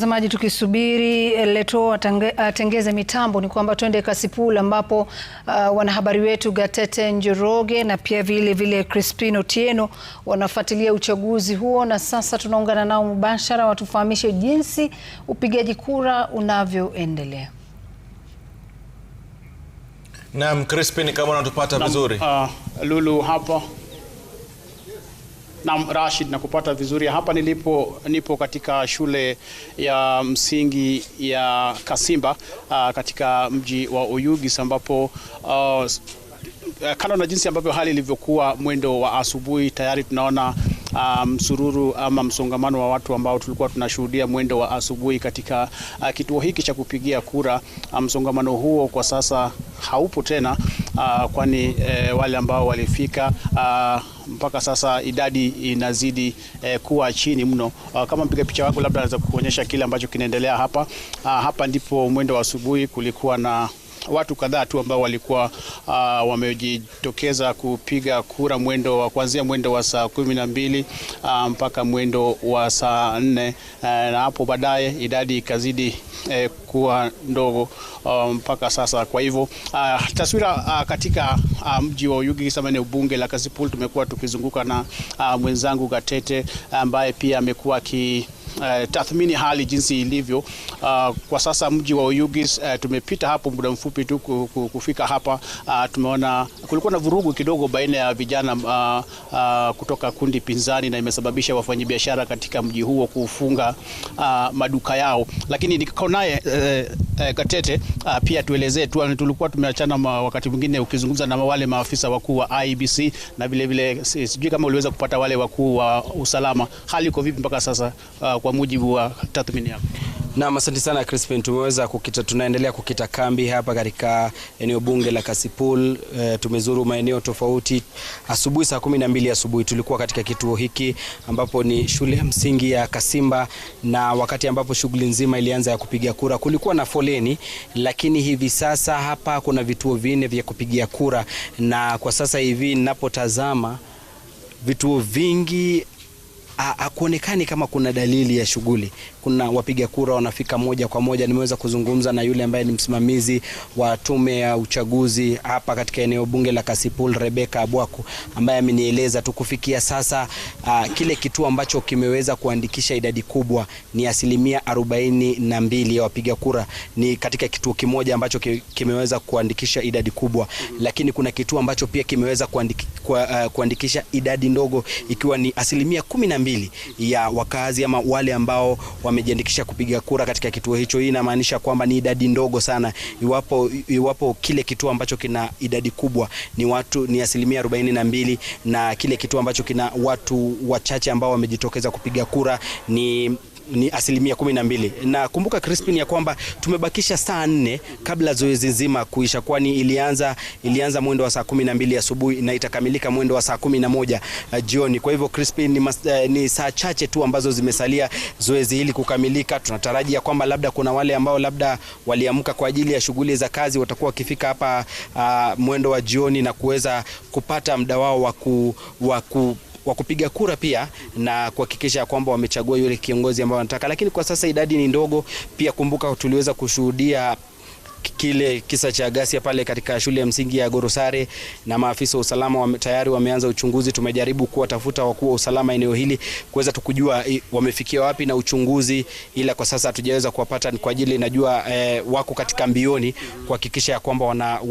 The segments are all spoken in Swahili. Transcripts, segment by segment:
Mtazamaji, tukisubiri eh, leto atengeze mitambo, ni kwamba twende Kasipul ambapo uh, wanahabari wetu Gatete Njoroge na pia vile vile Crispin Otieno wanafuatilia uchaguzi huo, na sasa tunaungana nao mubashara watufahamishe jinsi upigaji kura unavyoendelea. Naam, Crispin, kama unatupata vizuri. Uh, Lulu hapa na Rashid, kupata vizuri. Hapa nilipo nipo katika shule ya msingi ya Kasimba uh, katika mji wa Oyugis ambapo uh, kando na jinsi ambavyo hali ilivyokuwa mwendo wa asubuhi, tayari tunaona ah, msururu ama msongamano wa watu ambao tulikuwa tunashuhudia mwendo wa asubuhi katika uh, kituo hiki cha kupigia kura. Msongamano huo kwa sasa haupo tena uh, kwani uh, wale ambao walifika uh, mpaka sasa idadi inazidi uh, kuwa chini mno. Uh, kama mpiga picha wako labda anaweza kuonyesha kile ambacho kinaendelea hapa. Uh, hapa ndipo mwendo wa asubuhi kulikuwa na watu kadhaa tu ambao walikuwa uh, wamejitokeza kupiga kura mwendo wa kuanzia mwendo wa saa kumi na mbili uh, mpaka mwendo wa saa nne uh, na hapo baadaye idadi ikazidi uh, kuwa ndogo ah, mpaka sasa. Kwa hivyo uh, taswira uh, katika uh, mji wa Oyuggi hasa eneo bunge la Kasipul tumekuwa tukizunguka na uh, mwenzangu Gatete ambaye pia amekuwa aki Eh, tathmini hali jinsi ilivyo. Uh, kwa sasa mji wa Oyugis uh, eh, tumepita hapo muda mfupi tu kufika hapa uh, tumeona kulikuwa na vurugu kidogo baina ya vijana uh, uh, kutoka kundi pinzani na imesababisha wafanyabiashara katika mji huo kufunga uh, maduka yao, lakini nikaona naye uh, eh, Katete ah, pia tuelezee tu, tulikuwa tumeachana wakati mwingine ukizungumza na wale maafisa wakuu wa IBC e na vile vile, sijui kama uliweza kupata wale wakuu wa usalama, hali iko vipi mpaka sasa ah, kwa mujibu wa tathmini yako? Naam, asante sana Crispin, tumeweza kukita, tunaendelea kukita kambi hapa katika eneo bunge la Kasipul. E, tumezuru maeneo tofauti. Asubuhi saa kumi na mbili asubuhi tulikuwa katika kituo hiki ambapo ni shule ya msingi ya Kasimba, na wakati ambapo shughuli nzima ilianza ya kupiga kura kulikuwa na foleni, lakini hivi sasa hapa kuna vituo vinne vya kupigia kura, na kwa sasa hivi ninapotazama vituo vingi hakuonekani kama kuna dalili ya shughuli. Kuna wapiga kura wanafika moja kwa moja. Nimeweza kuzungumza na yule ambaye ni msimamizi wa tume ya uchaguzi hapa katika eneo bunge la Kasipul, Rebeka Abwaku, ambaye amenieleza tu kufikia sasa a, kile kituo ambacho kimeweza kuandikisha idadi kubwa ni asilimia arobaini na mbili ya wapiga kura. Ni katika kituo kimoja ambacho kimeweza kuandikisha idadi kubwa, lakini kuna kituo ambacho pia kimeweza kwa, uh, kuandikisha idadi ndogo ikiwa ni asilimia kumi na mbili ya wakazi ama wale ambao wamejiandikisha kupiga kura katika kituo hicho. Hii inamaanisha kwamba ni idadi ndogo sana, iwapo, iwapo kile kituo ambacho kina idadi kubwa ni watu ni asilimia arobaini na mbili na kile kituo ambacho kina watu wachache ambao wamejitokeza kupiga kura ni ni asilimia kumi na mbili na kumbuka Crispin ya kwamba tumebakisha saa nne kabla zoezi nzima kuisha, kwani ilianza, ilianza mwendo wa saa kumi na mbili asubuhi na itakamilika mwendo wa saa kumi na moja uh, jioni. Kwa hivyo Crispin, ni, mas, uh, ni saa chache tu ambazo zimesalia zoezi hili kukamilika. Tunataraji ya kwamba labda kuna wale ambao labda waliamka kwa ajili ya shughuli za kazi watakuwa wakifika hapa uh, mwendo wa jioni na kuweza kupata muda wao wa ku, wa kupiga kura pia na kuhakikisha kwamba wamechagua yule kiongozi ambao wanataka, lakini kwa sasa idadi ni ndogo. Pia kumbuka tuliweza kushuhudia kile kisa cha ghasia pale katika shule ya msingi ya Gorosare, na maafisa wa usalama wame, tayari wameanza uchunguzi. Tumejaribu kuwatafuta wakuu wa usalama eneo hili kuweza tukujua wamefikia wapi na uchunguzi, ila kwa sasa hatujaweza kuwapata, kwa ajili najua eh, wako katika mbioni kuhakikisha ya kwamba wanawapata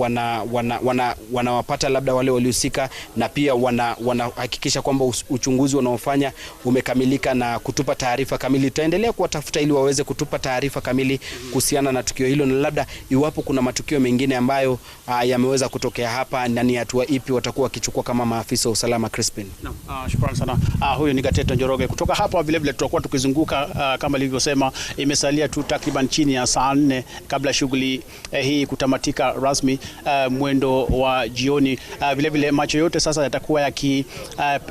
wana, wana, wana, wana labda wale waliohusika, na pia wanahakikisha wana kwamba uchunguzi wanaofanya umekamilika na kutupa taarifa kamili. Tutaendelea kuwatafuta ili waweze kutupa taarifa kamili kuhusiana na tukio hilo na labda iwa iwapo kuna matukio mengine ambayo uh, yameweza kutokea hapa, na ni hatua ipi watakuwa wakichukua kama maafisa wa usalama Crispin? Naam, uh, shukrani sana. Uh, huyu ni Gateto Njoroge kutoka hapa. Vile vile tutakuwa tukizunguka, uh, kama nilivyosema, imesalia tu takriban chini ya saa nne kabla shughuli eh, hii kutamatika rasmi uh, mwendo wa jioni. Uh, vile vile macho yote sasa yatakuwa yakiangaziwa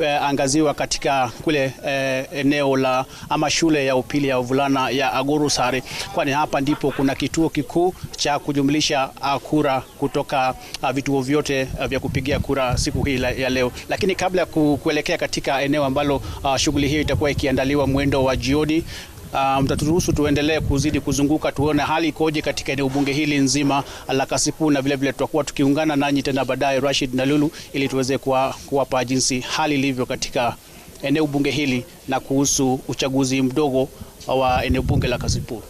eh, eh, uh, uh, katika kule uh, eneo la ama shule ya upili ya wavulana ya Agurusari, kwani hapa ndipo kuna kituo kikuu cha kujumlisha uh, kura kutoka uh, vituo vyote uh, vya kupigia kura siku hii ya leo. Lakini kabla ya kuelekea katika eneo ambalo shughuli hiyo itakuwa ikiandaliwa mwendo wa jioni, Uh, um, mtaturuhusu tuendelee kuzidi kuzunguka tuone hali ikoje katika eneo bunge hili nzima la Kasipu, na vilevile tutakuwa tukiungana nanyi tena baadaye, Rashid na Lulu, ili tuweze kuwapa jinsi hali ilivyo katika eneo bunge hili na kuhusu uchaguzi mdogo wa eneo bunge la Kasipu.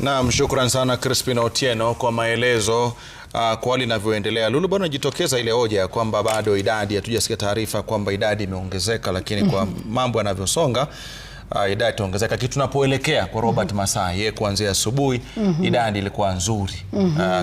Naam, shukran sana Crispin Otieno kwa maelezo uh, kwa hali inavyoendelea. Lulu, bwana jitokeza ile hoja ya kwamba bado idadi, hatujasikia taarifa kwamba idadi imeongezeka, lakini mm -hmm. kwa mhm. mambo yanavyosonga Uh, idadi itaongezeka kitu tunapoelekea kwa Robert mm -hmm. Masai, yeye kuanzia asubuhi mm -hmm. idadi ilikuwa nzuri mm -hmm. uh,